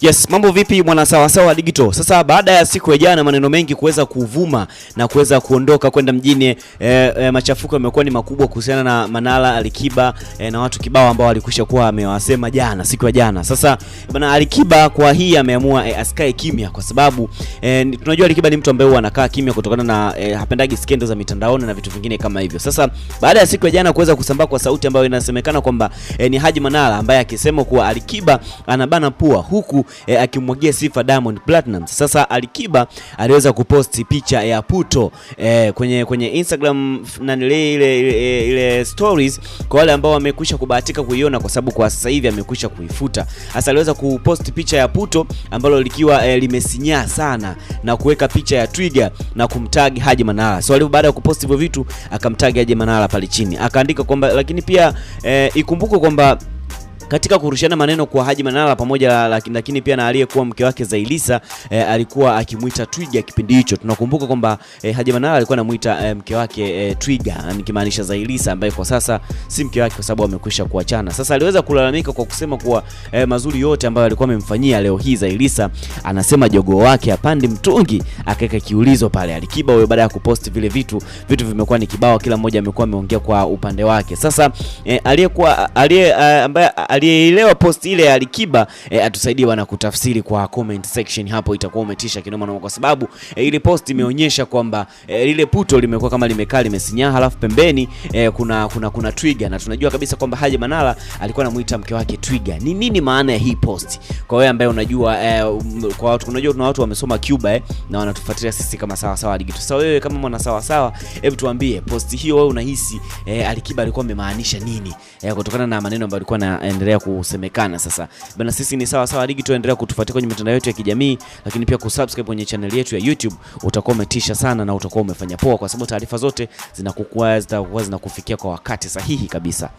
Yes, mambo vipi mwana sawa sawa digital. Sasa baada ya siku ya jana maneno mengi kuweza kuvuma na kuweza kuondoka kwenda mjini e, e, machafuko yamekuwa ni makubwa kuhusiana na Manara Alikiba e, na watu kibao ambao walikwisha kuwa amewasema jana siku ya jana. Sasa bwana Alikiba kwa hii ameamua e, asikae kimya kwa sababu e, tunajua Alikiba ni mtu ambaye huwa anakaa kimya kutokana na e, hapendagi skendo za mitandaoni na vitu vingine kama hivyo. Sasa baada ya siku ya jana kuweza kusambaa kwa sauti ambayo inasemekana kwamba e, ni Haji Manara ambaye akisema kuwa Alikiba anabana pua huku e, akimwagia sifa Diamond Platnumz. Sasa Alikiba aliweza kuposti picha ya puto e, kwenye kwenye Instagram na ile, ile, ile stories kwa wale ambao wamekwisha kubahatika kuiona, kwa sababu kwa sasa hivi amekwisha kuifuta. Sasa aliweza kuposti picha ya puto ambalo likiwa e, limesinyaa sana na kuweka picha ya twiga na kumtag Haji Manara. So alipo baada ya kuposti hivyo vitu akamtag Haji Manara pale chini akaandika kwamba lakini pia e, ikumbukwe kwamba katika kurushana maneno kwa Haji Manara pamoja, lakini lakini pia na aliyekuwa mke wake Zailisa e, alikuwa akimwita Twiga kipindi hicho. Tunakumbuka kwamba e, Haji Manara alikuwa anamuita e, eh, mke wake e, Twiga, nikimaanisha Zailisa ambaye kwa sasa si mke wake kwa sababu amekwisha kuachana. Sasa aliweza kulalamika kwa kusema kuwa e, mazuri yote ambayo alikuwa amemfanyia, leo hii Zailisa anasema jogoo wake apandi mtungi, akaweka kiulizo pale Alikiba huyo. Baada ya kupost vile vitu vitu vimekuwa ni kibao, kila mmoja amekuwa ameongea kwa upande wake. Sasa e, aliyekuwa aliye ambaye aliyeelewa post ile ya Alikiba e, atusaidie bwana kutafsiri kwa comment section hapo, itakuwa umetisha kinoma noma, kwa sababu e, ile post imeonyesha kwamba e, lile puto limekuwa kama limekaa limesinyaa, halafu pembeni e, kuna kuna kuna twiga, na tunajua kabisa kwamba Haji Manara alikuwa anamuita mke wake twiga. Ni nini maana ya hii post? Kwa wewe ambaye unajua e, kwa watu unajua kuna watu wamesoma Cuba e, na wanatufuatilia sisi kama sawa sawa digital. Sasa wewe kama mwana sawa sawa, hebu tuambie post hiyo wewe unahisi e, Alikiba alikuwa amemaanisha nini e, kutokana na maneno ambayo alikuwa anaendelea yanaendelea kusemekana sasa. Bana, sisi ni sawa sawa ligi, tuendelea kutufuatia kwenye mitandao yetu ya kijamii, lakini pia kusubscribe kwenye channel yetu ya YouTube. Utakuwa umetisha sana na utakuwa umefanya poa, kwa sababu taarifa zote zinakukua zitakuwa zinakufikia kwa wakati sahihi kabisa.